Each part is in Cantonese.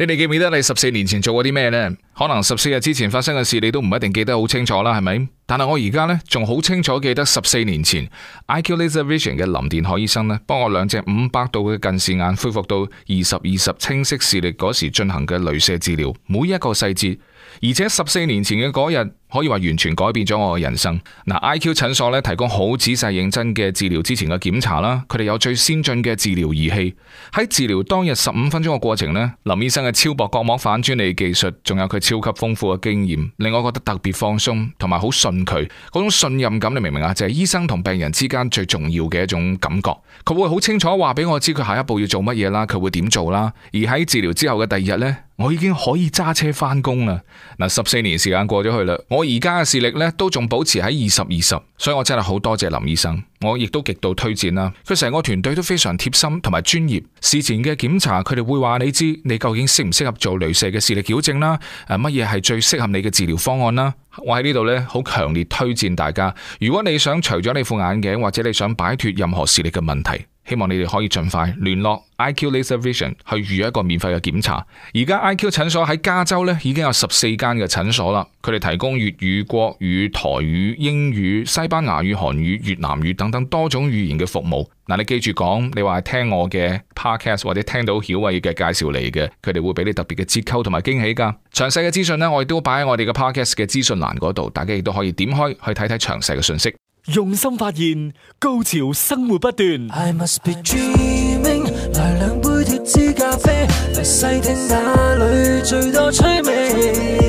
你哋記唔記得你十四年前做過啲咩呢？可能十四日之前發生嘅事，你都唔一定記得好清楚啦，係咪？但係我而家呢，仲好清楚記得十四年前，IQ Laser Vision 嘅林電海醫生呢，幫我兩隻五百度嘅近視眼恢復到二十二十清晰視力嗰時進行嘅鐳射治療，每一個細節。而且十四年前嘅嗰日，可以話完全改變咗我嘅人生。嗱，IQ 診所咧提供好仔細認真嘅治療，之前嘅檢查啦，佢哋有最先進嘅治療儀器。喺治療當日十五分鐘嘅過程咧，林醫生嘅超薄角膜反專利技術，仲有佢超級豐富嘅經驗，令我覺得特別放鬆，同埋好信佢嗰種信任感。你明唔明啊？就係、是、醫生同病人之間最重要嘅一種感覺。佢會好清楚話俾我知佢下一步要做乜嘢啦，佢會點做啦。而喺治療之後嘅第二日呢。我已經可以揸車返工啦！嗱，十四年時間過咗去啦，我而家嘅視力呢都仲保持喺二十二十，20, 所以我真係好多謝林醫生，我亦都極度推薦啦。佢成個團隊都非常貼心同埋專業，事前嘅檢查佢哋會話你知你究竟適唔適合做雷射嘅視力矯正啦，乜嘢係最適合你嘅治療方案啦。我喺呢度呢，好強烈推薦大家，如果你想除咗你副眼鏡，或者你想擺脫任何視力嘅問題。希望你哋可以盡快聯絡 IQ Laser Vision 去預一個免費嘅檢查。而家 IQ 診所喺加州呢已經有十四間嘅診所啦，佢哋提供粵語、國語、台語、英語、西班牙語、韓語、越南語等等多種語言嘅服務。嗱，你記住講，你話聽我嘅 podcast 或者聽到曉偉嘅介紹嚟嘅，佢哋會俾啲特別嘅折扣同埋驚喜㗎。詳細嘅資訊呢，我亦都擺喺我哋嘅 podcast 嘅資訊欄嗰度，大家亦都可以點開去睇睇詳細嘅信息。用心發現高潮生活不斷。I must be dreaming，來兩杯脫脂咖啡，來細聽哪裏最多趣味，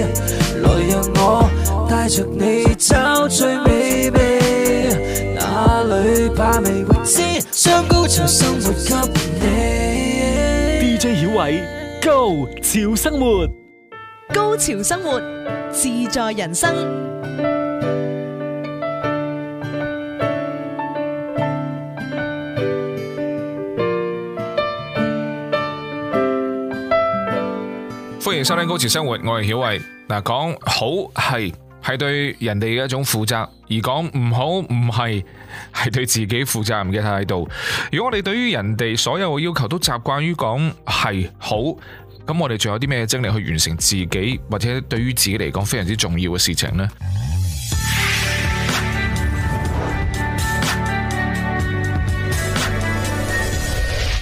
來讓我帶着你找最美味，哪裏怕未知，將高潮生活給你。DJ 曉偉，Go，潮生活，高潮生活自在人生。歡迎收聽《高潮生活》，我係曉慧。嗱，講好係係對人哋嘅一種負責，而講唔好唔係係對自己負責任嘅態度。如果我哋對於人哋所有嘅要求都習慣於講係好，咁我哋仲有啲咩精力去完成自己或者對於自己嚟講非常之重要嘅事情呢？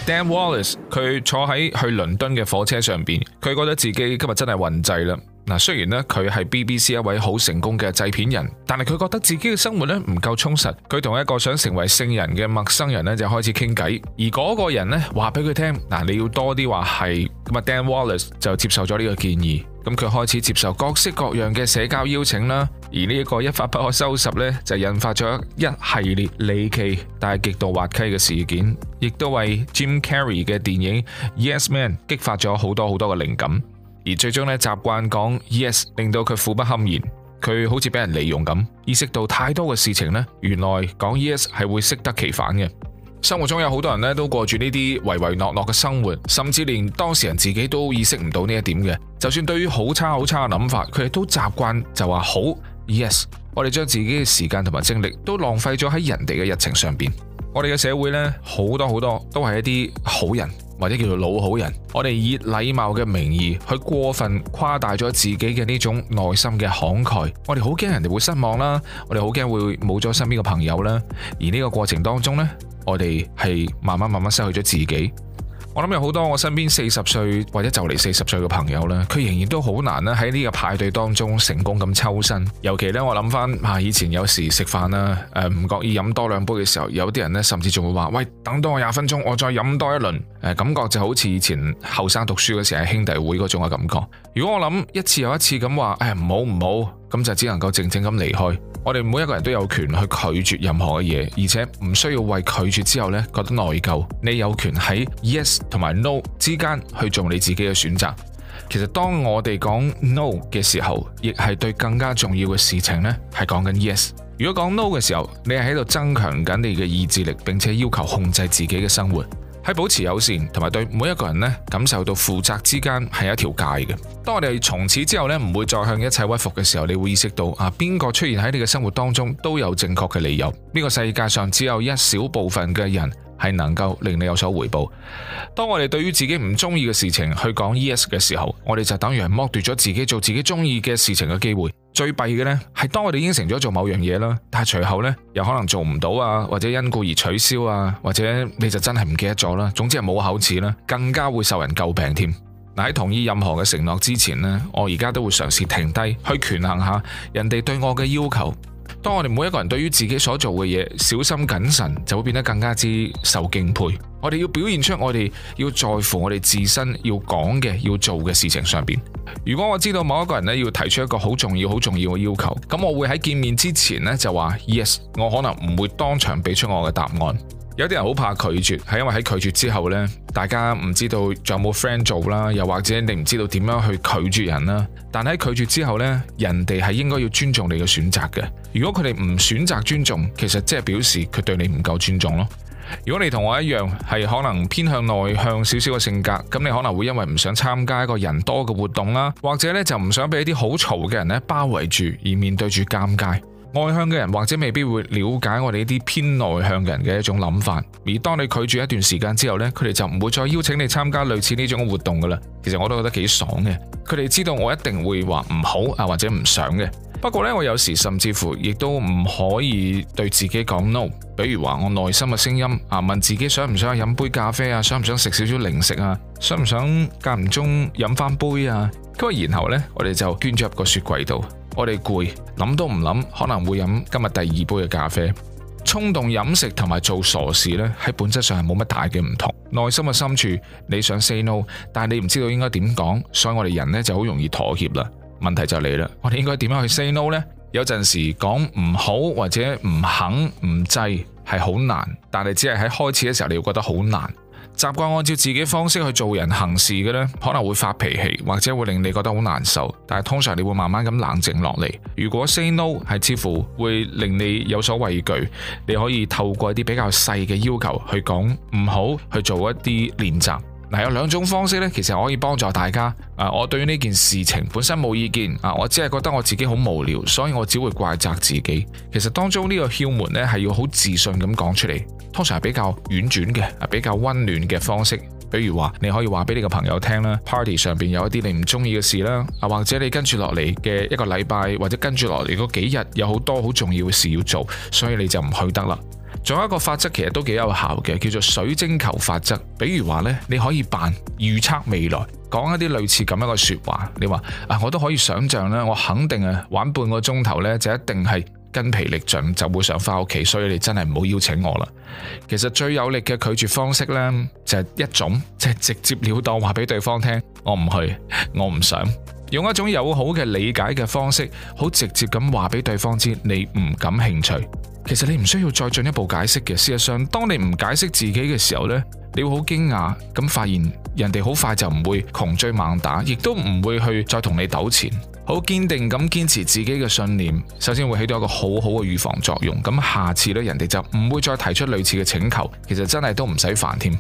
Dan Wallace 佢坐喺去倫敦嘅火車上邊，佢覺得自己今日真係混滯啦。嗱，雖然呢，佢係 BBC 一位好成功嘅製片人，但係佢覺得自己嘅生活呢唔夠充實。佢同一個想成為聖人嘅陌生人呢，就開始傾偈，而嗰個人呢，話俾佢聽嗱，你要多啲話係咁啊。Dan Wallace 就接受咗呢個建議，咁佢開始接受各式各樣嘅社交邀請啦。而呢一個一發不可收拾呢，就引發咗一系列離奇但係極度滑稽嘅事件，亦都為 Jim Carrey 嘅電影《Yes Man》激發咗好多好多嘅靈感。而最終呢，習慣講 Yes 令到佢苦不堪言，佢好似俾人利用咁，意識到太多嘅事情呢。原來講 Yes 係會適得其反嘅。生活中有好多人呢，都過住呢啲唯唯諾諾嘅生活，甚至連當事人自己都意識唔到呢一點嘅。就算對於好差好差嘅諗法，佢哋都習慣就話好。yes，我哋將自己嘅時間同埋精力都浪費咗喺人哋嘅日程上邊。我哋嘅社會呢，好多好多都係一啲好人或者叫做老好人。我哋以禮貌嘅名義去過分誇大咗自己嘅呢種內心嘅慷慨。我哋好驚人哋會失望啦，我哋好驚會冇咗身邊嘅朋友啦。而呢個過程當中呢，我哋係慢慢慢慢失去咗自己。我諗有好多我身邊四十歲或者就嚟四十歲嘅朋友呢，佢仍然都好難喺呢個派對當中成功咁抽身。尤其呢，我諗翻啊，以前有時食飯啦，誒唔覺意飲多兩杯嘅時候，有啲人呢，甚至仲會話：「喂，等多我廿分鐘，我再飲多一輪。誒、呃，感覺就好似以前後生讀書嗰時喺兄弟會嗰種嘅感覺。如果我諗一次又一次咁話，誒、哎，唔好，唔好。咁就只能夠靜靜咁離開。我哋每一個人都有權去拒絕任何嘅嘢，而且唔需要為拒絕之後呢，覺得內疚。你有權喺 yes 同埋 no 之間去做你自己嘅選擇。其實當我哋講 no 嘅時候，亦係對更加重要嘅事情呢，係講緊 yes。如果講 no 嘅時候，你係喺度增強緊你嘅意志力，並且要求控制自己嘅生活。喺保持友善同埋對每一個人咧感受到負責之間係一條界嘅。當我哋從此之後咧唔會再向一切屈服嘅時候，你會意識到啊，邊個出現喺你嘅生活當中都有正確嘅理由。呢個世界上只有一小部分嘅人係能夠令你有所回報。當我哋對於自己唔中意嘅事情去講 yes 嘅時候，我哋就等於係剝奪咗自己做自己中意嘅事情嘅機會。最弊嘅呢，係當我哋應承咗做某樣嘢啦，但係隨後呢，又可能做唔到啊，或者因故而取消啊，或者你就真係唔記得咗啦。總之係冇口齒啦，更加會受人詬病添。嗱，喺同意任何嘅承諾之前呢，我而家都會嘗試停低去權衡下人哋對我嘅要求。當我哋每一個人對於自己所做嘅嘢，小心謹慎，就會變得更加之受敬佩。我哋要表現出我哋要在乎我哋自身要講嘅、要做嘅事情上邊。如果我知道某一個人呢，要提出一個好重要、好重要嘅要求，咁我會喺見面之前呢，就話 yes，我可能唔會當場俾出我嘅答案。有啲人好怕拒絕，係因為喺拒絕之後呢，大家唔知道仲有冇 friend 做啦，又或者你唔知道點樣去拒絕人啦。但喺拒絕之後呢，人哋係應該要尊重你嘅選擇嘅。如果佢哋唔選擇尊重，其實即係表示佢對你唔夠尊重咯。如果你同我一樣係可能偏向內向少少嘅性格，咁你可能會因為唔想參加一個人多嘅活動啦，或者呢，就唔想俾啲好嘈嘅人呢，包圍住而面對住尷尬。外向嘅人或者未必會了解我哋呢啲偏內向嘅人嘅一種諗法，而當你拒絕一段時間之後呢，佢哋就唔會再邀請你參加類似呢種嘅活動噶啦。其實我都覺得幾爽嘅，佢哋知道我一定會話唔好啊或者唔想嘅。不過呢，我有時甚至乎亦都唔可以對自己講 no，比如話我內心嘅聲音啊，問自己想唔想飲杯咖啡啊，想唔想食少少零食啊，想唔想間唔中飲翻杯啊，咁啊，然後呢，我哋就捐咗入個雪櫃度。我哋攰，諗都唔諗，可能會飲今日第二杯嘅咖啡。衝動飲食同埋做傻事呢，喺本質上係冇乜大嘅唔同。內心嘅深處，你想 say no，但係你唔知道應該點講，所以我哋人呢就好容易妥協啦。問題就嚟啦，我哋應該點樣去 say no 呢？有陣時講唔好或者唔肯唔制係好難，但係只係喺開始嘅時候，你會覺得好難。習慣按照自己方式去做人行事嘅呢，可能會發脾氣，或者會令你覺得好難受。但係通常你會慢慢咁冷靜落嚟。如果 say no 係似乎會令你有所畏懼，你可以透過一啲比較細嘅要求去講唔好去做一啲練習。嗱，有兩種方式咧，其實可以幫助大家。誒，我對於呢件事情本身冇意見，啊，我只係覺得我自己好無聊，所以我只會怪責自己。其實當中呢個竅門咧，係要好自信咁講出嚟，通常係比較婉轉嘅，啊，比較溫暖嘅方式。比如話，你可以話俾你個朋友聽啦，party 上邊有一啲你唔中意嘅事啦，啊，或者你跟住落嚟嘅一個禮拜，或者跟住落嚟嗰幾日有好多好重要嘅事要做，所以你就唔去得啦。仲有一個法則其實都幾有效嘅，叫做水晶球法則。比如話呢，你可以扮預測未來，講一啲類似咁樣嘅說話。你話啊，我都可以想象咧，我肯定啊玩半個鐘頭呢就一定係筋疲力盡，就會想翻屋企。所以你真係唔好邀請我啦。其實最有力嘅拒絕方式呢，就係一種就係直接了當話俾對方聽，我唔去，我唔想。用一種友好嘅理解嘅方式，好直接咁話俾對方知你唔感興趣。其實你唔需要再進一步解釋嘅。事實上，當你唔解釋自己嘅時候呢，你會好驚訝，咁發現人哋好快就唔會窮追猛打，亦都唔會去再同你糾纏。好堅定咁堅持自己嘅信念，首先會起到一個好好嘅預防作用。咁下次呢，人哋就唔會再提出類似嘅請求。其實真係都唔使煩添。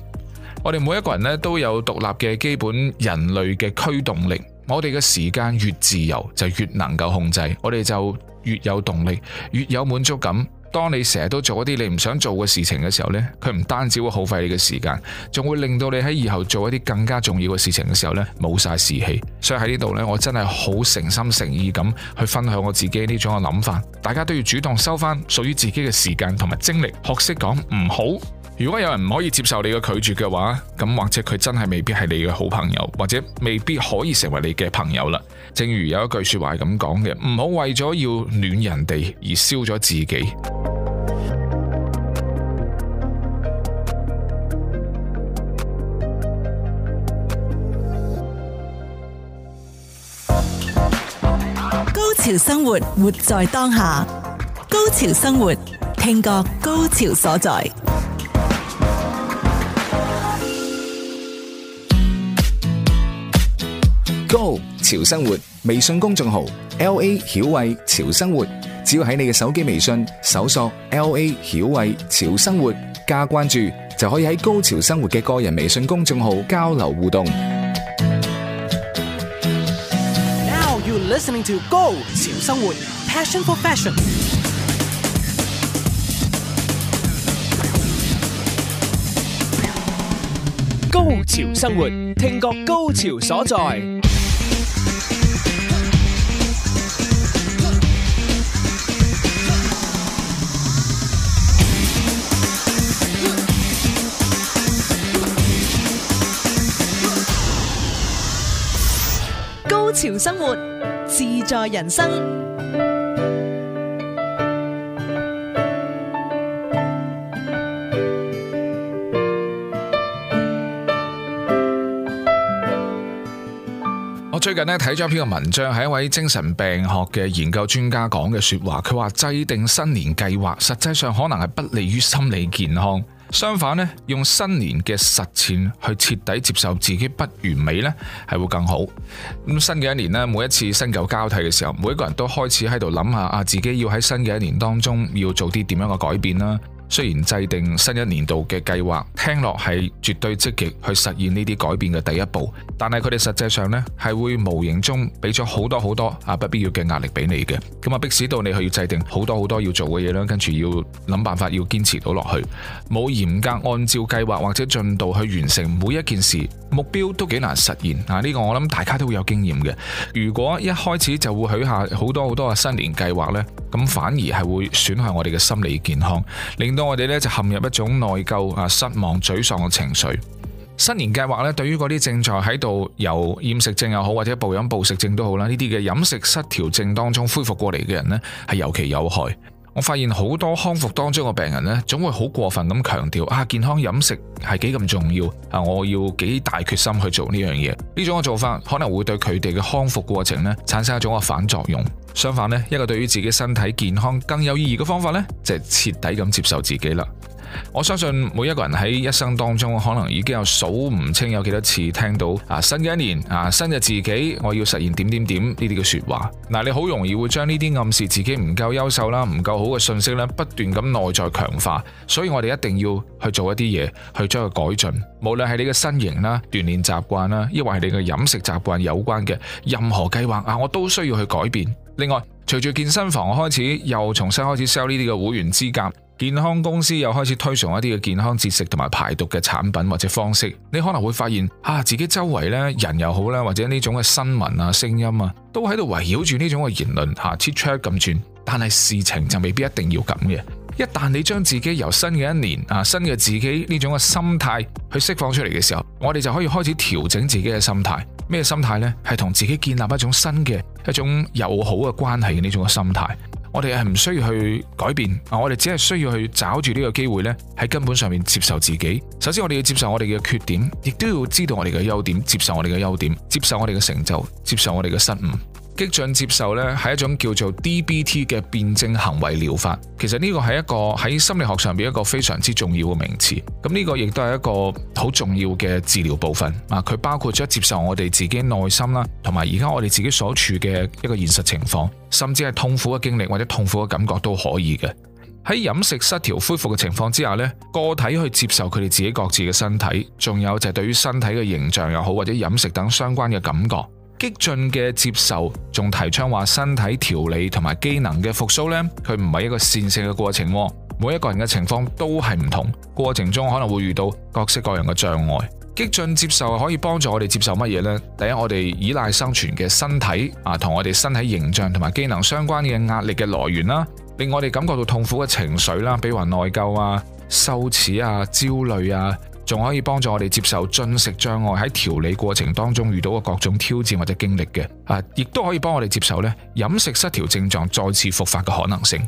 我哋每一個人呢，都有獨立嘅基本人類嘅驅動力。我哋嘅時間越自由，就越能夠控制，我哋就越有動力，越有滿足感。當你成日都做一啲你唔想做嘅事情嘅時候呢，佢唔單止會耗費你嘅時間，仲會令到你喺以後做一啲更加重要嘅事情嘅時候呢，冇晒士氣。所以喺呢度呢，我真係好誠心誠意咁去分享我自己呢種嘅諗法，大家都要主動收翻屬於自己嘅時間同埋精力，學識講唔好。如果有人唔可以接受你嘅拒絕嘅話，咁或者佢真係未必係你嘅好朋友，或者未必可以成為你嘅朋友啦。正如有一句說話係咁講嘅，唔好為咗要暖人哋而燒咗自己。高潮生活，活在當下；高潮生活，聽覺高潮所在。Go 潮生活微信公眾號，LA 曉慧潮生活，只要喺你嘅手機微信搜索 LA 曉慧潮生活加關注，就可以喺高潮生活嘅個人微信公眾號交流互動。Now you're listening to Go 潮生活，Passion for Fashion。高潮生活，聽覺高潮所在。高潮生活，自在人生。我最近呢睇咗一篇文章，係一位精神病學嘅研究專家講嘅說話。佢話制定新年計劃實際上可能係不利於心理健康。相反呢，用新年嘅實踐去徹底接受自己不完美呢，係會更好。咁新嘅一年呢，每一次新舊交替嘅時候，每一個人都開始喺度諗下啊，自己要喺新嘅一年當中要做啲點樣嘅改變啦。雖然制定新一年度嘅計劃，聽落係絕對積極去實現呢啲改變嘅第一步，但係佢哋實際上呢係會無形中俾咗好多好多啊不必要嘅壓力俾你嘅，咁啊逼使到你去要制定好多好多要做嘅嘢啦，跟住要諗辦法，要堅持到落去，冇嚴格按照計劃或者進度去完成每一件事，目標都幾難實現啊！呢個我諗大家都會有經驗嘅。如果一開始就會許下好多好多嘅新年計劃呢。咁反而係會損害我哋嘅心理健康，令到我哋呢就陷入一種內疚啊、失望、沮喪嘅情緒。新年計劃呢，對於嗰啲正在喺度由厭食症又好或者暴飲暴食症都好啦，呢啲嘅飲食失調症當中恢復過嚟嘅人呢，係尤其有害。我發現好多康復當中嘅病人呢，總會好過分咁強調啊，健康飲食係幾咁重要啊，我要幾大決心去做呢樣嘢。呢種嘅做法可能會對佢哋嘅康復過程呢產生一種嘅反作用。相反呢，一個對於自己身體健康更有意義嘅方法呢，就係，徹底咁接受自己啦。我相信每一個人喺一生當中，可能已經有數唔清有幾多次聽到啊新嘅一年啊，新嘅自己，我要實現點點點呢啲嘅說話。嗱，你好容易會將呢啲暗示自己唔夠優秀啦、唔夠好嘅信息咧，不斷咁內在強化。所以我哋一定要去做一啲嘢去將佢改進。無論係你嘅身形啦、鍛煉習慣啦，抑或係你嘅飲食習慣有關嘅任何計劃啊，我都需要去改變。另外，隨住健身房開始又重新開始 sell 呢啲嘅會員資格。健康公司又開始推崇一啲嘅健康節食同埋排毒嘅產品或者方式，你可能會發現啊，自己周圍呢人又好啦，或者呢種嘅新聞啊、聲音啊，都喺度圍繞住呢種嘅言論吓切咁轉。但係事情就未必一定要咁嘅。一旦你將自己由新嘅一年啊、新嘅自己呢種嘅心態去釋放出嚟嘅時候，我哋就可以開始調整自己嘅心態。咩心態呢？係同自己建立一種新嘅一種友好嘅關係嘅呢種嘅心態。我哋係唔需要去改變，我哋只係需要去找住呢個機會咧，喺根本上面接受自己。首先，我哋要接受我哋嘅缺點，亦都要知道我哋嘅優點，接受我哋嘅優點，接受我哋嘅成就，接受我哋嘅失誤。激進接受呢係一種叫做 DBT 嘅辯證行為療法，其實呢個係一個喺心理學上邊一個非常之重要嘅名詞。咁、這、呢個亦都係一個好重要嘅治療部分啊！佢包括咗接受我哋自己內心啦，同埋而家我哋自己所處嘅一個現實情況，甚至係痛苦嘅經歷或者痛苦嘅感覺都可以嘅。喺飲食失調恢復嘅情況之下呢，個體去接受佢哋自己各自嘅身體，仲有就係對於身體嘅形象又好，或者飲食等相關嘅感覺。激進嘅接受仲提倡話身體調理同埋機能嘅復甦呢，佢唔係一個線性嘅過程，每一個人嘅情況都係唔同，過程中可能會遇到各式各樣嘅障礙。激進接受可以幫助我哋接受乜嘢呢？第一，我哋依賴生存嘅身體啊，同我哋身體形象同埋機能相關嘅壓力嘅來源啦，啊，令我哋感覺到痛苦嘅情緒啦，比如話內疚啊、羞恥啊、焦慮啊。仲可以幫助我哋接受進食障礙喺調理過程當中遇到嘅各種挑戰或者經歷嘅，啊，亦都可以幫我哋接受咧飲食失調症狀再次復發嘅可能性。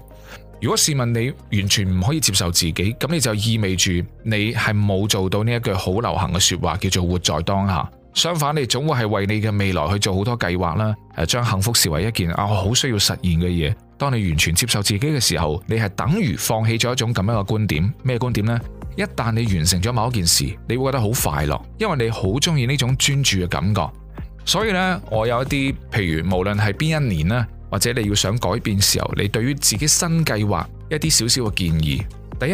如果試問你完全唔可以接受自己，咁你就意味住你係冇做到呢一句好流行嘅說話，叫做活在當下。相反，你總會係為你嘅未來去做好多計劃啦，誒、啊，將幸福視為一件我好需要實現嘅嘢。當你完全接受自己嘅時候，你係等於放棄咗一種咁樣嘅觀點，咩觀點呢？一旦你完成咗某一件事，你會覺得好快樂，因為你好中意呢種專注嘅感覺。所以呢，我有一啲，譬如無論係邊一年啦，或者你要想改變時候，你對於自己新計劃一啲少少嘅建議。第一，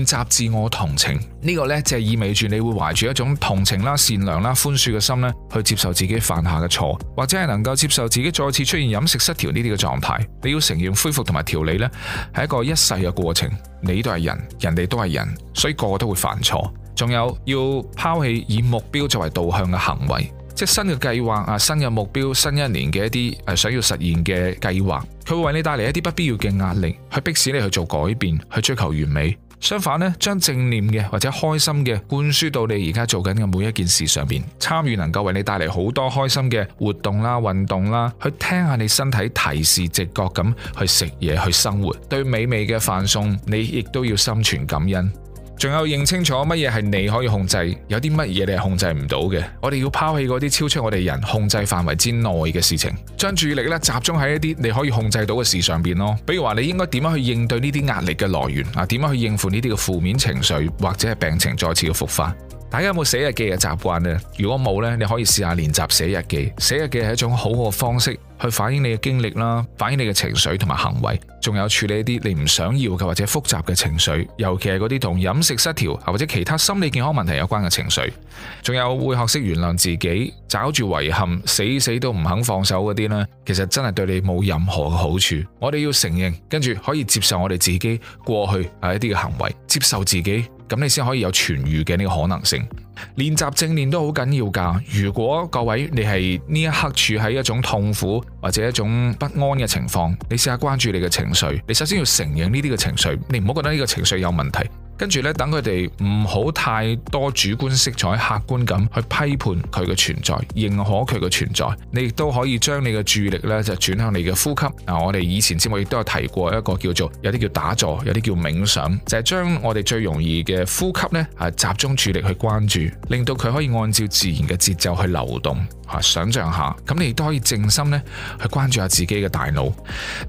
練習自我同情，呢個呢，就意味住你會懷住一種同情啦、善良啦、寬恕嘅心呢去接受自己犯下嘅錯，或者係能夠接受自己再次出現飲食失調呢啲嘅狀態。你要承認恢復同埋調理呢係一個一世嘅過程。你都係人，人哋都係人，所以個個都會犯錯。仲有要拋棄以目標作為導向嘅行為。即新嘅計劃啊，新嘅目標，新一年嘅一啲誒，想要實現嘅計劃，佢會為你帶嚟一啲不必要嘅壓力，去迫使你去做改變，去追求完美。相反呢，將正念嘅或者開心嘅灌輸到你而家做緊嘅每一件事上邊，參與能夠為你帶嚟好多開心嘅活動啦、運動啦，去聽下你身體提示直覺咁去食嘢去生活，對美味嘅飯餸你亦都要心存感恩。仲有認清楚乜嘢係你可以控制，有啲乜嘢你係控制唔到嘅。我哋要拋棄嗰啲超出我哋人控制範圍之內嘅事情，將注意力咧集中喺一啲你可以控制到嘅事上邊咯。比如話你應該點樣去應對呢啲壓力嘅來源啊，點樣去應付呢啲嘅負面情緒或者係病情再次嘅復發。大家有冇寫日記嘅習慣呢？如果冇呢，你可以試下練習寫日記。寫日記係一種好好嘅方式。去反映你嘅經歷啦，反映你嘅情緒同埋行為，仲有處理一啲你唔想要嘅或者複雜嘅情緒，尤其係嗰啲同飲食失調或者其他心理健康問題有關嘅情緒，仲有會學識原諒自己，找住遺憾死死都唔肯放手嗰啲咧，其實真係對你冇任何嘅好處。我哋要承認，跟住可以接受我哋自己過去係一啲嘅行為，接受自己，咁你先可以有痊愈嘅呢個可能性。練習正念都好緊要噶。如果各位你係呢一刻處喺一種痛苦或者一種不安嘅情況，你試下關注你嘅情緒。你首先要承認呢啲嘅情緒，你唔好覺得呢個情緒有問題。跟住咧，等佢哋唔好太多主觀色彩，客觀咁去批判佢嘅存在，認可佢嘅存在。你亦都可以將你嘅注意力咧，就轉向你嘅呼吸。嗱、啊，我哋以前節目亦都有提過一個叫做有啲叫打坐，有啲叫冥想，就係、是、將我哋最容易嘅呼吸咧，係集中注意力去關注，令到佢可以按照自然嘅節奏去流動。嚇、啊，想象下，咁你亦都可以靜心咧，去關注下自己嘅大腦，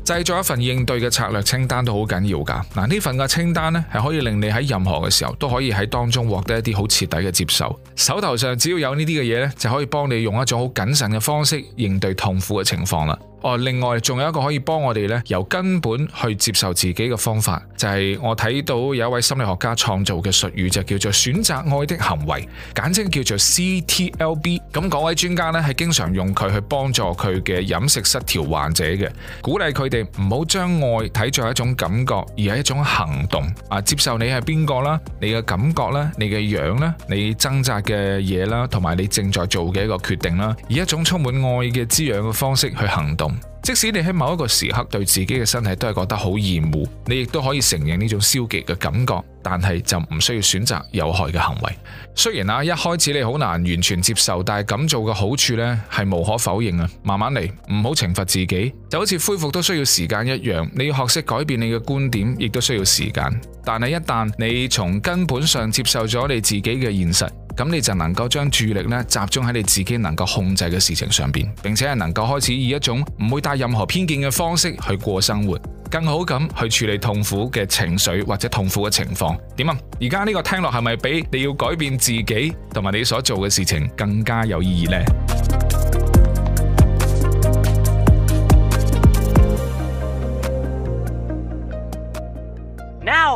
製作一份應對嘅策略清單都好緊要㗎。嗱、啊，呢份嘅清單咧，係可以令你。喺任何嘅時候都可以喺當中獲得一啲好徹底嘅接受，手頭上只要有呢啲嘅嘢咧，就可以幫你用一種好謹慎嘅方式應對痛苦嘅情況啦。哦，另外仲有一個可以幫我哋咧，由根本去接受自己嘅方法，就係我睇到有一位心理學家創造嘅術語，就叫做選擇愛的行為，簡稱叫做 CTLB。咁嗰位專家咧，係經常用佢去幫助佢嘅飲食失調患者嘅，鼓勵佢哋唔好將愛睇作一種感覺，而係一種行動。啊，接受你係邊個啦，你嘅感覺啦，你嘅樣啦，你掙扎嘅嘢啦，同埋你正在做嘅一個決定啦，以一種充滿愛嘅滋養嘅方式去行動。即使你喺某一個時刻對自己嘅身體都係覺得好厭惡，你亦都可以承認呢種消極嘅感覺，但係就唔需要選擇有害嘅行為。雖然啊，一開始你好難完全接受，但係咁做嘅好處呢，係無可否認啊。慢慢嚟，唔好懲罰自己，就好似恢復都需要時間一樣，你要學識改變你嘅觀點，亦都需要時間。但係一旦你從根本上接受咗你自己嘅現實。咁你就能夠將注意力咧，集中喺你自己能夠控制嘅事情上邊，並且係能夠開始以一種唔會帶任何偏見嘅方式去過生活，更好咁去處理痛苦嘅情緒或者痛苦嘅情況。點啊？而家呢個聽落係咪比你要改變自己同埋你所做嘅事情更加有意義呢？